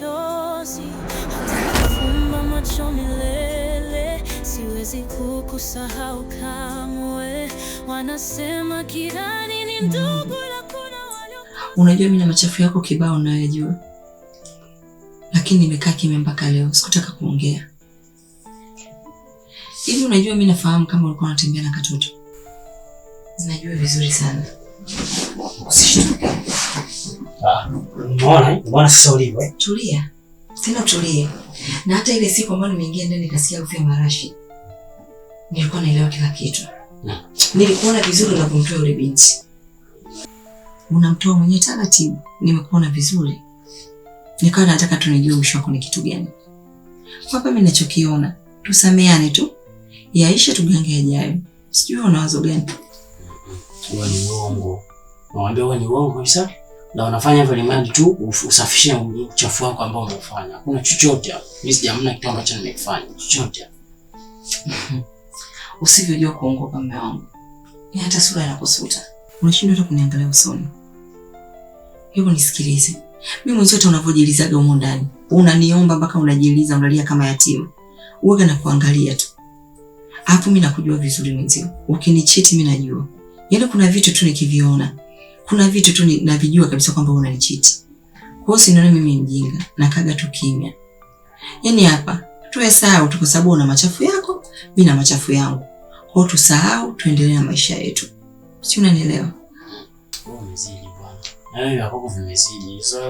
machozi, macho milele, siwezi kukusahau kamwe. Wanasema kirani ni ndugu. Unajua mimi na machafu yako kibao nayajua, lakini nimekaa kimya mpaka leo, sikutaka kuongea. Hivi unajua mimi nafahamu kama ulikuwa unatembea na katoto. Najua vizuri sana, usishtuke. Unaona bwana, sasa ulivyo. Eh? Tulia tena, tulie. Na hata ile siku ambayo nimeingia ndani nikasikia harufu ya marashi, nilikuwa naelewa kila kitu. Nilikuona vizuri na kumtoa yule binti. Unamtoa mwenyewe taratibu, nimekuona vizuri, nikawa nataka tunijue mwisho wako ni kitu gani. Hapa mimi ninachokiona, tusameane tu, yaisha, tugange yajayo. Sijui una wazo gani? Wewe ni uongo. Naambia wewe ni uongo kabisa na unafanya very much tu usafishe uchafu wako ambao umeufanya. Hakuna chochote, mimi sijaamna kitu ambacho nimekifanya chochote. Usivyojua kuongopa mume wangu, ni hata sura inakusuta, unashindwa hata kuniangalia usoni. Hebu nisikilize mimi, mwenzio hata unavyojilizaga domo ndani, unaniomba mpaka unajiliza, unalia kama yatima, uwaga na kuangalia tu hapo. Mimi nakujua vizuri mwenzio, ukinichiti mimi najua, yaani kuna vitu tu nikiviona kuna vitu tu navijua kabisa kwamba unanichiti. Kwa hiyo sinaona mimi mjinga, nakaga tu kimya. Yaani hapa tuwe sawa tu, kwa sababu una machafu yako, mimi na machafu yangu. Kwa hiyo tusahau, tuendelee na maisha yetu, si unanielewa? hapo sasa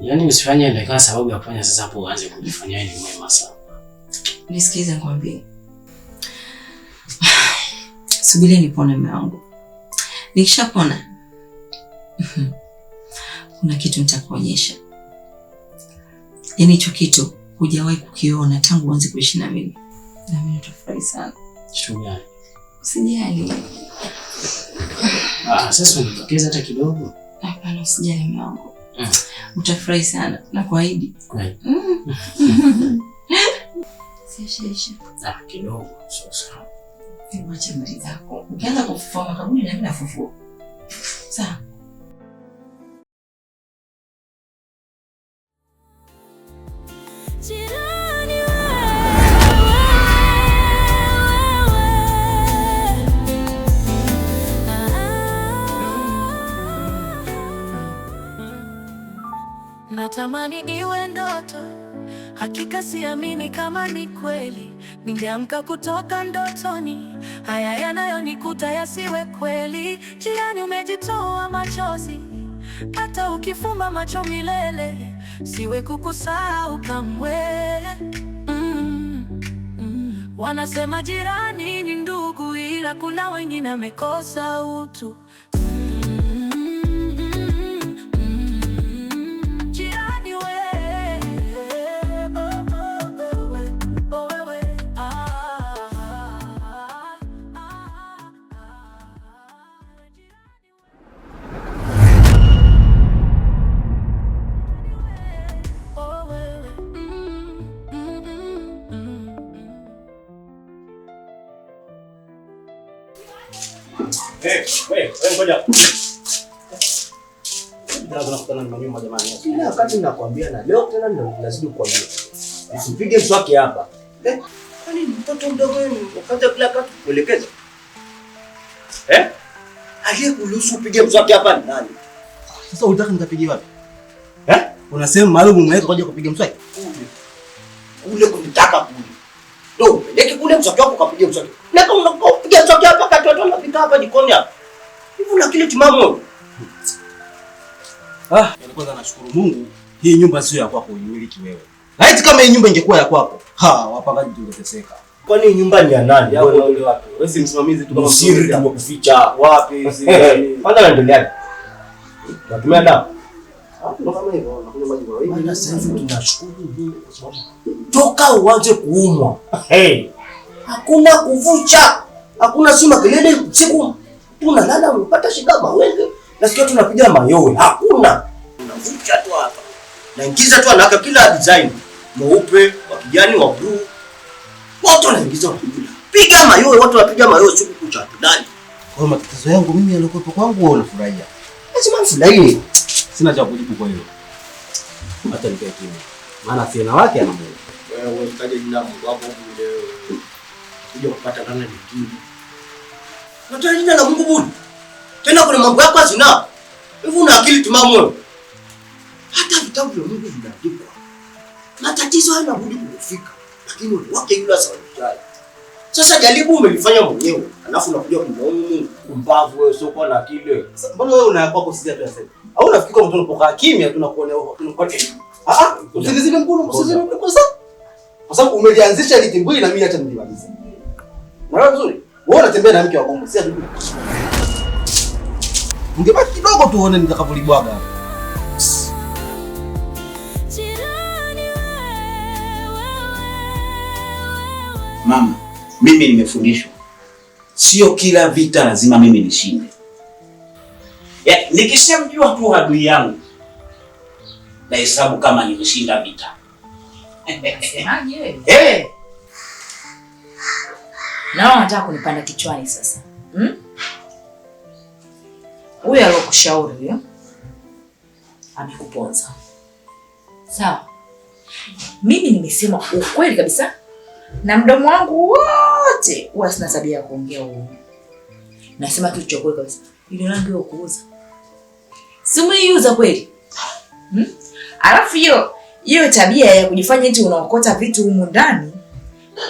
Yaani usifanye ndio sababu ya kufanya uanze kujifanyia ni mwema sana. Nisikize nikwambie, Subiri nipone mwanangu. Nikishapona kuna kitu nitakuonyesha, yaani hicho kitu hujawahi kukiona tangu uanze kuishi na mimi, na mimi nitafurahi sana. Usijali. Ah, sasa unitokeza hata kidogo? Hapana, usijali mwanangu. Eh. Utafurahi sana na kuahidi. nakuahidi. Mm. Sasa Ah, kidogo sasa. Wacha mali zako, ukianza kufufua makaburi nami nafufua. Sawa. Ah, ah. Natamani iwe ndoto Hakika siamini kama ni kweli, ningeamka kutoka ndotoni. Haya yanayonikuta yasiwe kweli. Jirani, umejitoa machozi, hata ukifumba macho milele, siwe kukusahau kamwe. Mm, mm. Wanasema jirani ni ndugu, ila kuna wengine amekosa utu. Eh, eh, eh, kila Usipige mswaki hapa. Kwani mtoto mdogo unafanya kila kitu kuelekeza? Eh? Aliyekuruhusu upige mswaki hapa ni nani? Sasa unataka nikapige wapi? Eh? Una maalum umeweka kwaje kupiga mswaki? Kule kunitaka kule. Ndio, leki kule mswaki wako ukapiga mswaki. Na kama napika hapa jikoni hapa. Hivi una kile timamu. Ah, kwanza nashukuru Mungu hii nyumba sio ya kwako, unimiliki wewe. Laiti kama hii nyumba ingekuwa ya kwako, ha, wapangaji tungeteseka. Kwani nyumba ni ya nani? Wewe si msimamizi tu kama siri tu kuficha wapi siri Kwanza naendeleaje? Natumia dawa. Ah, toka uanze kuumwa, hakuna kuvucha hakuna si makelele siku tunalala unapata shida mawenge, nasikia tunapiga mayowe, hakuna unavucha tu hapa naingiza tu, anaka kila design mweupe wa kijani wa blue, watu wanaingiza piga mayowe, watu wanapiga mayowe siku kucha ndani Kwa hiyo matatizo yangu mimi yalikuwa kwangu, wewe unafurahia? Lazima mfurahi. Sina cha kujibu kwa hiyo, hata nikae kimya, maana sina wake anamwona wewe, utaje jina langu hapo kuja kupata namna nyingine. Natoa jina la Mungu budi. Tena kuna mambo yako zina. Hivi una akili timamu? Hata vitabu vya Mungu vinaandikwa. Matatizo hayana yanabudi kufika. Lakini wewe wake yule asawajali. Sasa jaribu umelifanya mwenyewe. Alafu unakuja kumlaumu Mungu. Kumbavu wewe sio kwa na akili. Mbona wewe una yako sisi hata sasa? Au unafikiri kama mtu unapokaa kimya tunakuonea tunakuonea. Ah ah, usizidi mkono, usizidi mkono kwa sababu umelianzisha litimbii na mimi hata nilimaliza. Unaona vizuri? Wewe unatembea na mke wa Bongo, si adui. Ungebaki kidogo tu uone nitakavyolibwaga. Mama, mimi nimefundishwa, sio kila vita lazima mimi nishinde. Ya, nikishamjua tu adui yangu nahesabu kama nimeshinda vita. Eh na wao wanataka kunipanda kichwani sasa. Huyo hmm? Aliyokushauri huyo amekuponza, sawa? Mimi nimesema ukweli kabisa, na mdomo wangu wote huwa sina tabia ya kuongea uongo. Nasema tu chokoe kweli kabisa. Ile rangi ya kuuza si kweli? hmm? Alafu hiyo hiyo tabia ya kujifanya eti unaokota vitu humu ndani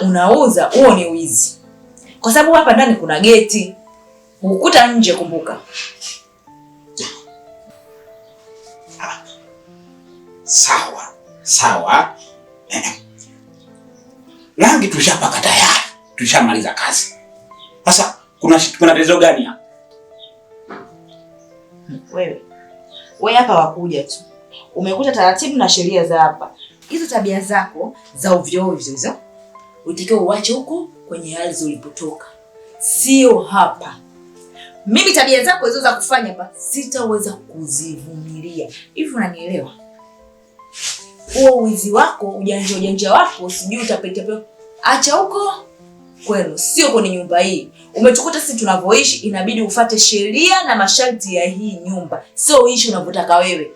unauza, huo ni wizi kwa sababu hapa ndani kuna geti, ukuta nje. Kumbuka Sawa sawa, rangi tulishapaka tayari, tulishamaliza kazi. Sasa kuna kuna tatizo gani hapa? Wewe we hapa wakuja tu umekuta taratibu na sheria za hapa. Hizo tabia zako za ovyo ovyo hizo utakiwa uache huku kwenye ardhi ulipotoka, sio hapa. Mimi tabia zako hizo za kufanya hapa sitaweza kuzivumilia. Hivi unanielewa? Huo uwizi wako, ujanja ujanja wako, sijui utapita utapetapeta, acha huko kwenu, sio kwenye nyumba hii. Umetukuta sisi tunavyoishi, inabidi ufate sheria na masharti ya hii nyumba, sio uishi unavyotaka wewe.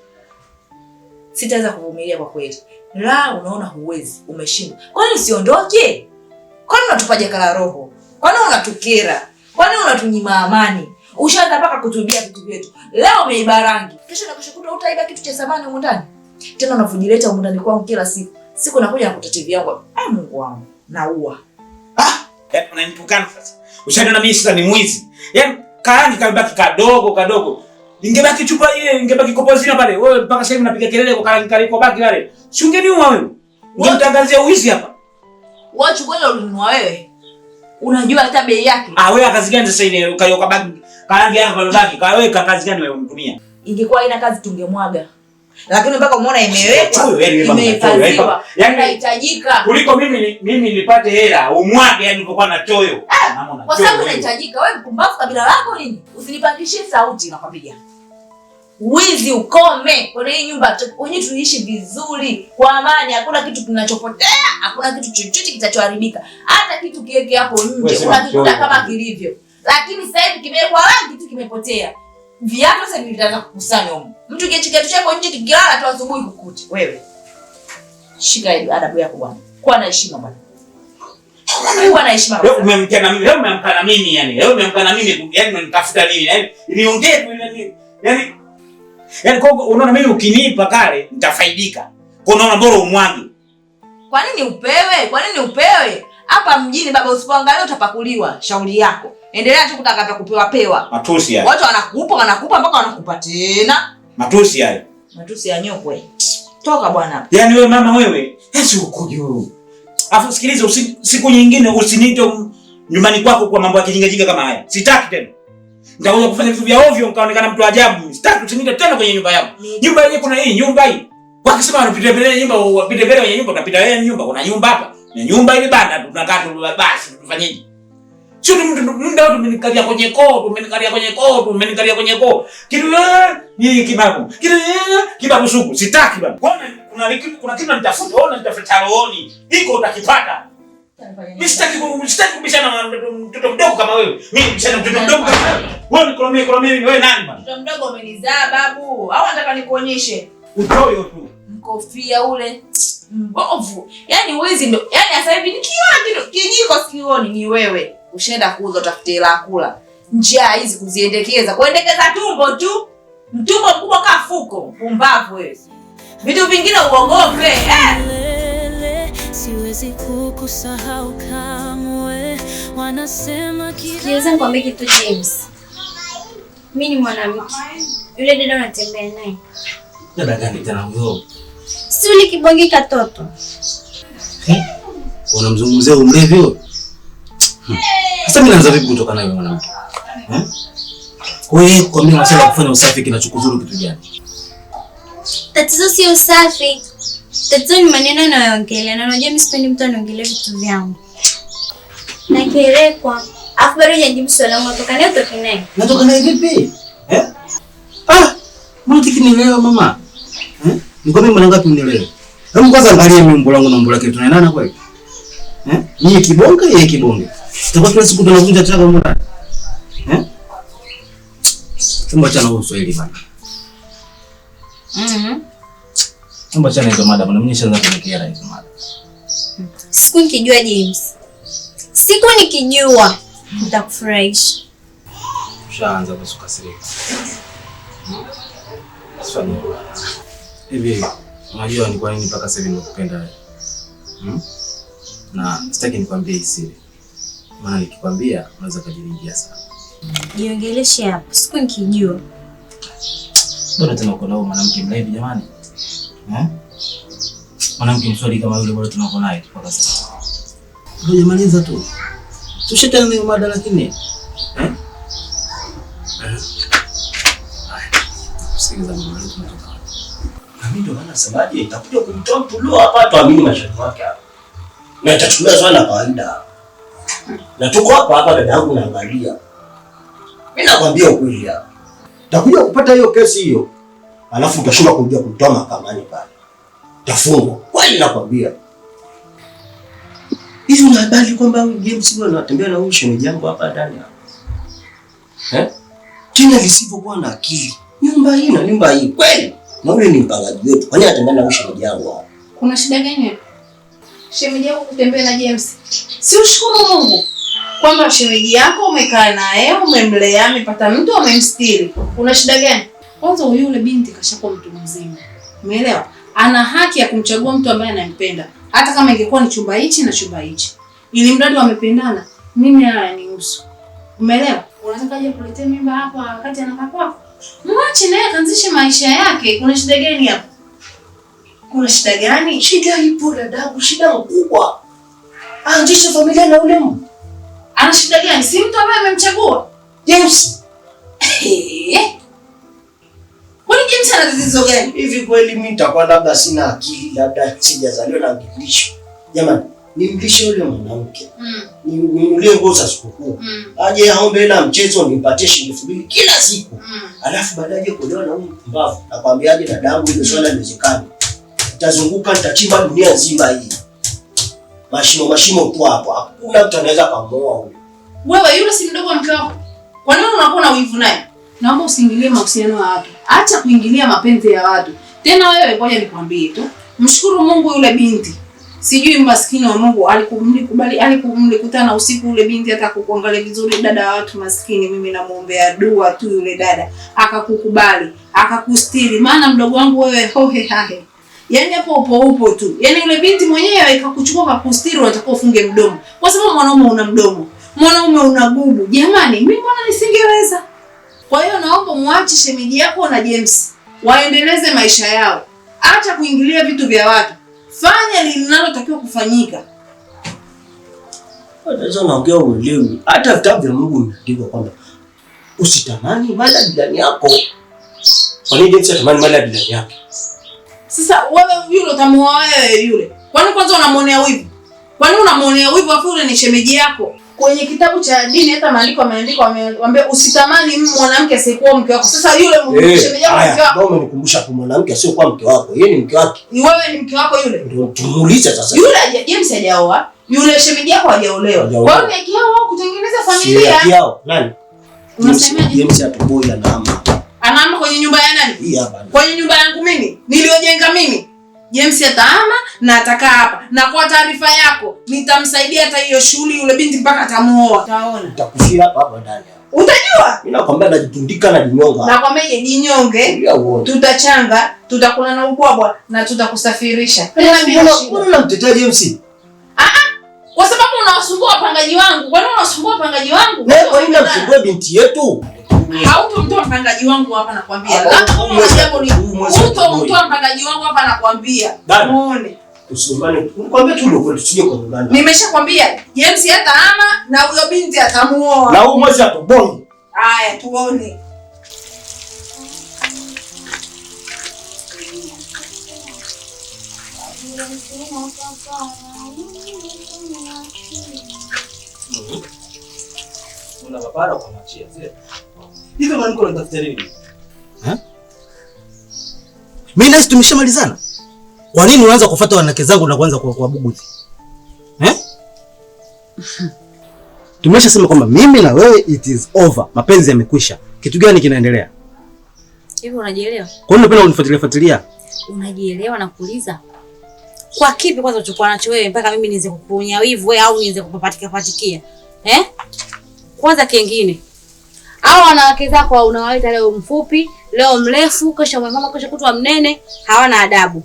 Sitaweza kuvumilia kwa kweli. La, unaona huwezi, umeshindwa. Kwani usiondoke? Kwani unatupa jaka la roho? Kwani unatukera? Kwani unatunyima amani? Ushaanza mpaka kutubia vitu vyetu. Leo umeiba rangi, kesho na kesho kutwa utaiba kitu cha samani huko ndani. Tena unavujileta huko ndani kwangu kila siku. Siku nakuja na kutetea yangu. Ah, Mungu wangu, naua. Ah, yaani eh, unanipukana sasa. Ushaniona mimi sasa ni mwizi. Yaani kaangi kabaki kadogo kadogo. Ningebaki chupa ile, ningebaki kopo zina pale. Wewe mpaka sasa hivi unapiga kelele kwa kaangi kaliko baki pale. Shungeni ungeniua wewe. Ungetangazia uizi hapa. Watch ngoja ulinunua wewe. Unajua hata bei yake. Ah, wewe kazi gani sasa ile kwa bagi? Karangi yako kwa bagi, kaweka kazi gani wewe unatumia? Ingekuwa haina kazi tungemwaga. Lakini mpaka umeona imewekwa, imehifadhiwa. Yaani inahitajika. Kuliko mimi mimi nipate hela, umwage yani unapokuwa na choyo. Eh, kwa sababu inahitajika. Wewe mpumbavu kabila lako nini? Usinipandishie sauti nakwambia wizi ukome kwenye hii nyumba, wenyewe tuishi vizuri kwa amani. Hakuna kitu kinachopotea, hakuna kitu chochote kitachoharibika. Hata kitu kiweke hapo nje unakikuta kama kilivyo, lakini sasa hivi kimewekwa rangi kitu kimepotea. Viatu sasa vitaanza kukusanya huko, mtu kiacha kiatu chako nje kikilala tu asubuhi kukuti. wewe. Shika hiyo adabu yako bwana, kuwa na heshima bwana. umemkana mimi yani, umemkana mimi yani, unanitafuta nini yani? Niongee yani Yaani kwa unaona mimi ukinipa kale nitafaidika. Kwa unaona bora umwage. Kwa nini upewe? Kwa nini upewe? Hapa mjini baba, usipoangalia utapakuliwa. Shauri yako. Endelea tu kutaka vya kupewa pewa. Matusi hayo. Watu wanakupa wanakupa mpaka wanakupa tena. Matusi hayo. Matusi ya nyokwe. Toka bwana. Yaani wewe mama wewe, hesi ukujuu. Afu sikiliza usi, siku nyingine usiniite nyumbani kwako kwa mambo ya kijinga jinga kama haya. Sitaki tena. Nitakuja kufanya vitu vya ovyo mkaonekana mtu ajabu. Sitaki tusimike tena kwenye nyumba yangu. Nyumba yenyewe kuna hii nyumba hii. Wakisema wanapita mbele ya nyumba, wapite mbele ya nyumba, tunapita wewe nyumba, kuna nyumba hapa. Ni nyumba ile bana tunakaa tu basi tufanyeje? Sio mtu muda wote umenikalia kwenye koo, umenikalia kwenye koo, umenikalia kwenye koo. Kitu ni kibabu. Kitu kibabu sugu. Sitaki bana. Kuna kitu kuna kitu nitafuta, ona nitafuta rohoni. Iko utakipata. Mimi sitaki kumshtaki kubishana na mtoto mdogo kama wewe. Mimi mshana mtoto mdogo kama wewe. Wewe nikolomee kolomee wewe nani bwana? Mtoto mdogo umenizaa babu. Au nataka nikuonyeshe? Utoe tu. Mkofia ule mbovu. Yaani wizi ndio. Yaani sasa hivi nikiona kijiko sikioni ni wewe. Ushaenda kuuza utafute la kula. Njia hizi kuziendekeza. Kuendekeza tumbo tu. Mtumbo mkubwa kafuko. Pumbavu wewe. Vitu vingine uogope. Eh siwezi kukusahau kamwe. Wanasema sikiliza, nikwambie kitu James, Mimi ni mwanamke. Yule dada anatembea naye dada gani tena huyo? Si ni kibonge katoto Eh? unamzungumzia umri hivyo? Hmm. Sasa mimi naanza vipi kutoka naye mwanamke? Eh? Wewe kwa mimi unasema kufanya usafi kinachokuzuru kitu gani? Tatizo sio usafi Tatizo ni maneno anayoongelea na unajua mimi sipendi mtu anaongelea vitu vyangu. Nakerekwa. Afu bado hajajibu swali langu natoka naye utoke naye. Natoka naye vipi? Eh? Ah, mbona tikinielewa mama? Eh? Niko mimi mwanangu atunielewe. Hebu kwanza angalia mimbo langu na mimbo lake tunaendana kweli? Eh? Yeye kibonge, yeye kibonge. Tutakuwa kila siku tunavunja chaka mbona? Eh? Tumbo Tumwacha na uswahili bana. Mhm. Mm Hebu chana hizo mada, kuna mimi nishaanza kunikera hizo mada. Siku nikijua James. Siku nikijua nitakufurahisha. Ushaanza kusukasirika. Hmm? Sasa hivi unajua ni kwa nini mpaka sasa nimekupenda wewe? Hmm? Na sitaki nikwambie hisi. Maana nikikwambia unaweza kujiringia sana. Jiongeleshe hapo. Siku nikijua. Bora tena uko na mwanamke mlevi jamani. Eh? Mwanamke mswali kama yule bado tunako naye mpaka sasa. Tujamaliza tu. Tushetana nayo mada lakini. Eh? eh? Na mimi ndo Na kawaida. Na tuko hapa hapa dada yangu naangalia. Mimi nakwambia ukweli hapa. Takuja kupata hiyo kesi hiyo alafu utashindwa kujua kutoa mahakamani pale, utafungwa kweli, nakwambia. Hivi una habari kwamba James huyo anatembea na huyu shemeji yangu hapa ndani eh? Jina lisivyokuwa na akili, nyumba hii na nyumba hii kweli, na yule ni mpangaji wetu. Kwani anatembea na huyu shemeji yangu hapa? Kuna shida gani? Shemeji yako kutembea na James, si ushukuru Mungu kwamba shemeji yako umekaa naye, umemlea, amepata mtu, umemstiri. Kuna shida gani? Kwanza huyo yule binti kashakuwa mtu mzima, umeelewa? Ana haki ya kumchagua mtu ambaye anampenda, hata kama ingekuwa ni chumba hichi na chumba hichi, ili mradi wamependana. Mimi haya ni uso, umeelewa? Unataka aje kuletea mimba hapa wakati anakaa kwako? Mwache naye akaanzishe maisha yake. Kuna shida gani hapo? Kuna shida gani? Shida ipo dadangu, shida kubwa. Aanzishe familia na ule mtu. Ana shida gani? Si mtu ambaye amemchagua Yes. Hey mwanamke ana tatizo gani? Hivi kweli mimi nitakuwa labda sina akili, labda sijazaliwa na mlisho. Jamani, ni mlisho yule mwanamke. Mm. Niulie nguo za sikukuu. Mm. Aje aombe hela mchezo nimpatie shilingi elfu kila siku. Mm. Alafu baadaye aje kuolewa na huyu mpumbavu. Nakwambiaje dadangu, hilo swala haliwezekani. Nitazunguka nitachimba dunia nzima hii. Mashimo mashimo tu hapo. Hakuna mtu anaweza kumuoa huyo. Wewe yule si mdogo mkao. Kwa nini unakuwa na wivu naye? naomba usiingilie mahusiano ya watu, acha kuingilia mapenzi ya watu. Tena wewe, ngoja nikwambie tu, mshukuru Mungu, yule binti sijui maskini wa Mungu alikubali, alikutana usiku ule binti hata kukuangalia vizuri, dada wa watu maskini. Mimi namuombea dua tu yule dada akakukubali, akakustiri. Maana mdogo wangu wewe, hohe hahe, yani hapo upo upo tu, yani yule binti mwenyewe ikakuchukua akakustiri, unatakiwa ufunge mdomo, kwa sababu mwanaume una mdomo, mwanaume una gubu. Jamani, mimi mbona nisingeweza kwa hiyo naomba muache shemeji yako na James waendeleze maisha yao, acha kuingilia vitu vya watu, fanya linalotakiwa kufanyika. Naongea uelewi, hata vitabu vya Mungu vimeandikwa kwamba usitamani mali ya jirani yako. Kwa nini James atamani mali ya jirani yake? Sasa wewe yule utamuoa wewe yule, kwani kwanza unamwonea wivu? Kwani unamwonea wivu afu yule ni shemeji yako? kwenye kitabu cha dini hata maandiko yameandikwa, wameambia usitamani mwanamke asiyekuwa mke wako. Sasa yule eh, umemkumbusha kwa mwanamke asiyekuwa mke wako, yeye ni mke wako, ni wewe, ni mke wako yule. Ndio tumuuliza sasa, yule James hajaoa, yule shemeji yako hajaolewa, kwa hiyo ni yao kutengeneza familia yao. Nani unasema James atoboi, anaama anaama kwenye nyumba ya nani? Kwenye nyumba yangu mimi niliojenga mimi James atahama na atakaa hapa, na kwa taarifa yako nitamsaidia hata hiyo shughuli, yule binti mpaka atamuoa. Utaona, nitakushia hapa hapa ndani, utajua. Mimi nakwambia najitundika na jinyonga, Na nakwambia je, jinyonge. Tutachanga, tutakula na ubwabwa na tutakusafirisha. Kuna Mbona mtetea James? Ah ah, kwa sababu unawasumbua wapangaji wangu. Kwa nini unawasumbua wapangaji wangu? Kwa nini unamsumbua binti yetu? mwenyewe. Hautomtoa mpangaji wangu hapa nakwambia. Hautomtoa mpangaji wangu hapa nakwambia. Muone. Nimeshakwambia James hata na huyo binti atamuoa. Na huyo mwezi atoboi. Haya tuone. Hmm. Una baba Hivyo mwanamke unatafuta nini? Eh? Mimi nasi tumeshamalizana. Kwa nini unaanza kufuata wanawake zangu na kuanza kuwabuguzi? Eh? Tumeshasema kwamba mimi na wewe it is over. Mapenzi yamekwisha. Kitu gani kinaendelea? Hivi unajielewa? Kwa nini unapenda unifuatilia fuatilia? Unajielewa na kuuliza. Kwa kipi kwanza uchukua nacho wewe mpaka mimi niweze kukunya wivu wewe au niweze kupapatika patikia? Eh? Kwanza kingine au wanawake zako unawaita leo mfupi, leo mrefu, kesho mwembamba, kesho kutwa mnene, hawana adabu,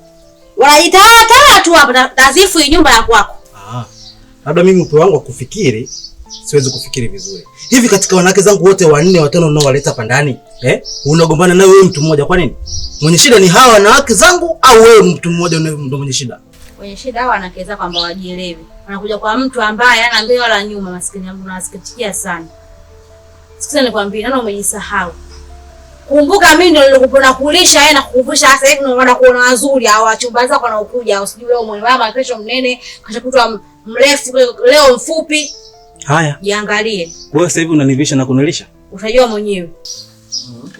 wanajitawala tawala tu hapa. Tazifu hii nyumba ya kwako. Ah, labda mimi upe wangu akufikiri, siwezi kufikiri vizuri hivi. Katika wanawake zangu wote wanne watano unaowaleta hapa ndani eh, unagombana naye wewe mtu mmoja. Kwa nini? Mwenye shida ni hawa wanawake zangu au wewe mtu mmoja ndio mwenye shida? Wenye shida hawa wanawake zako ambao wajielewi, wanakuja kwa mtu ambaye hana mbele wala nyuma. Maskini yangu nawasikitikia sana. Sikiza nikwambie, naona umejisahau. Kumbuka mimi ndio nilikupona kulisha yeye yaani na kukuvusha hasa hivi unaona kuona wazuri hao wachumba zako wanaokuja, usijui leo mwembamba, kesho mnene, kesho kutwa mrefu, leo mfupi. Haya. Jiangalie. Wewe sasa hivi unanivisha na kunilisha? Utajua mwenyewe. Mm.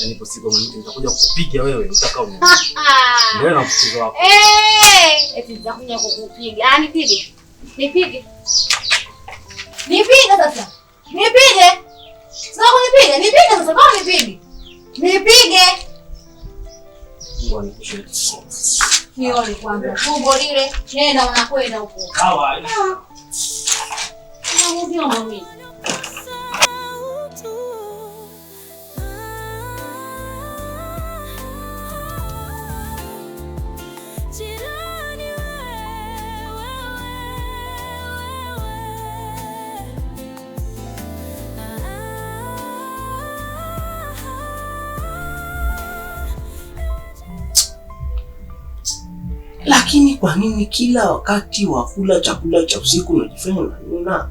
Yaani kwa siku mwanamke nitakuja kukupiga wewe utaka uone. Ndio na mchezo wako. Eh, eti nitakuja kukupiga. Ah, nipige. Nipige nipige sasa. Nipige. Sasa kunipige. Nipige sasa. Kwa nipige. Nipige. Nione kwanza. Tumbo lile. Nenda unakwenda huko. Kawa. Ah. Ndio mimi. kwa nini kila wakati wa kula chakula cha usiku unajifanya unanuna?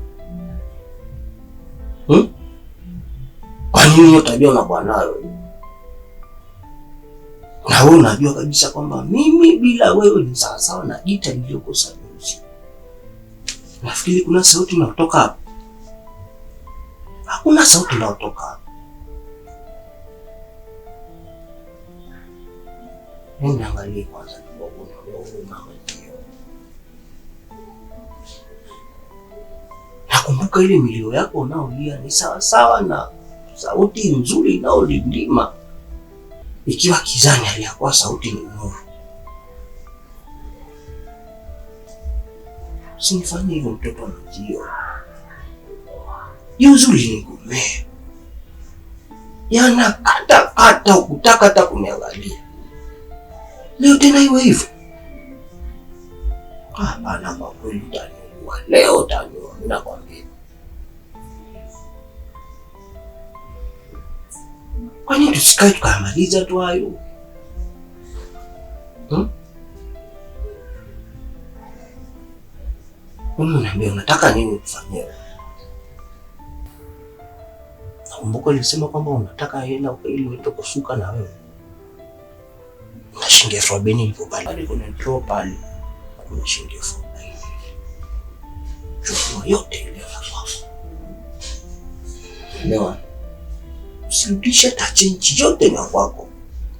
Hmm? Kwa nini hiyo tabia unakuwa nayo? Na wewe unajua kabisa kwamba mimi bila wewe ni sawasawa na gita niliyokosa nyuzi. Nafikiri kuna sauti inayotoka hapo. Hakuna sauti inayotoka hapo. Niangalie kwanza kidogo Kumbuka ile milio yako unaolia ni sawasawa na sauti nzuri inayolindima ikiwa kizani, aliyakuwa sauti ni nuru. Sinifanye hivyo mtoto mjio, jiuzuri nigomee, yana kata kata ukutaka hata kuniangalia leo tena iwe hivyo? Hapana, kwa kweli utaniua leo, utaniua nakwambia. Kwa nini tusikae tukamaliza tu hayo hmm? Unaniambia unataka nini kufanya? Nakumbuka nilisema kwamba unataka hela ili uende kusuka na wewe na shilingi elfu arobaini ipo pale, kuna draw pale, kuna shilingi elfu arobaini chukua yote ile Ndio. Elewa usirudishe tachenji yote na kwako,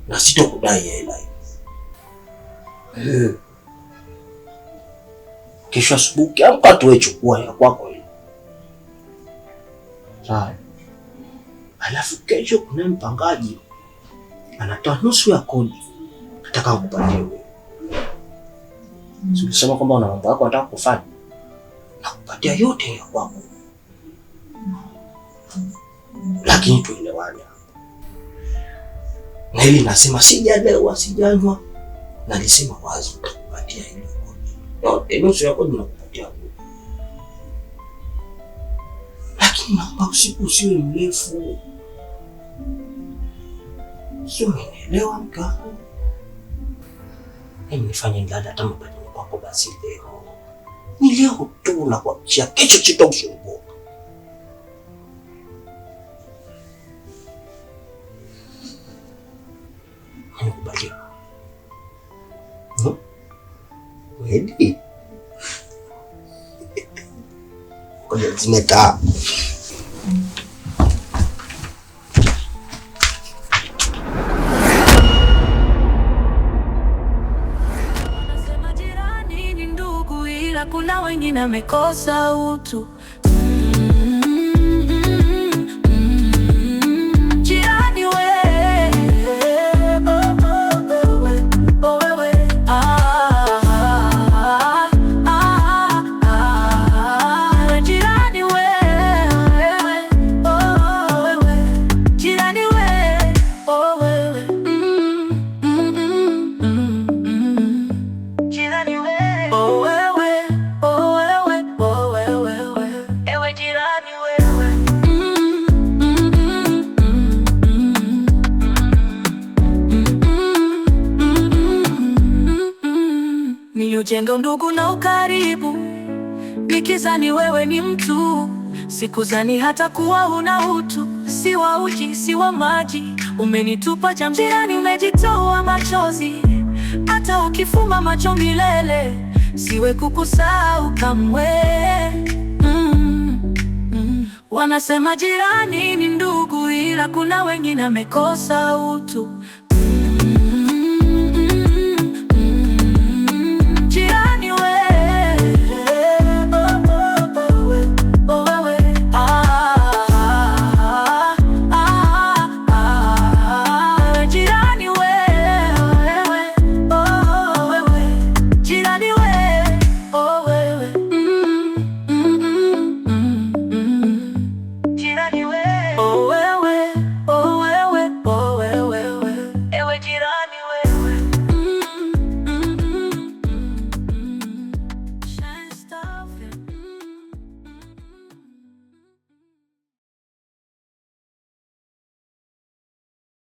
na sitokudai hela. Eh. Kesho asubuhi ukiamka tuwe chukua ya kwako hiyo. Sawa. Alafu kesho kuna mpangaji anatoa nusu ya kodi nataka ukupatie wewe. Ulisema kwamba una mambo yako nataka kufanya, nakupatia yote ya kwako lakini tuelewane. Na hili nasema sijalewa, sijanywa, nalisema wazi, nitakupatia hilo yote, nusu yako ninakupatia, lakini naomba usiku usiwe mrefu. Sio, nielewa mke wangu, nifanye ndada hata mapadini kwako, basi leo ni leo tu, nakuhakikishia kesho chita hamkubaliwa Wedi Ngoja zimeta jirani ni ndugu, ila kuna wengine amekosa utu. karibu, nikizani wewe ni mtu, sikuzani hata kuwa una utu. Si wa uji, si wa maji, umenitupa jamjirani, umejitoa machozi, hata ukifuma macho milele, siwe kukusahau kamwe. Mm, mm. Wanasema jirani ni ndugu, ila kuna wengine amekosa utu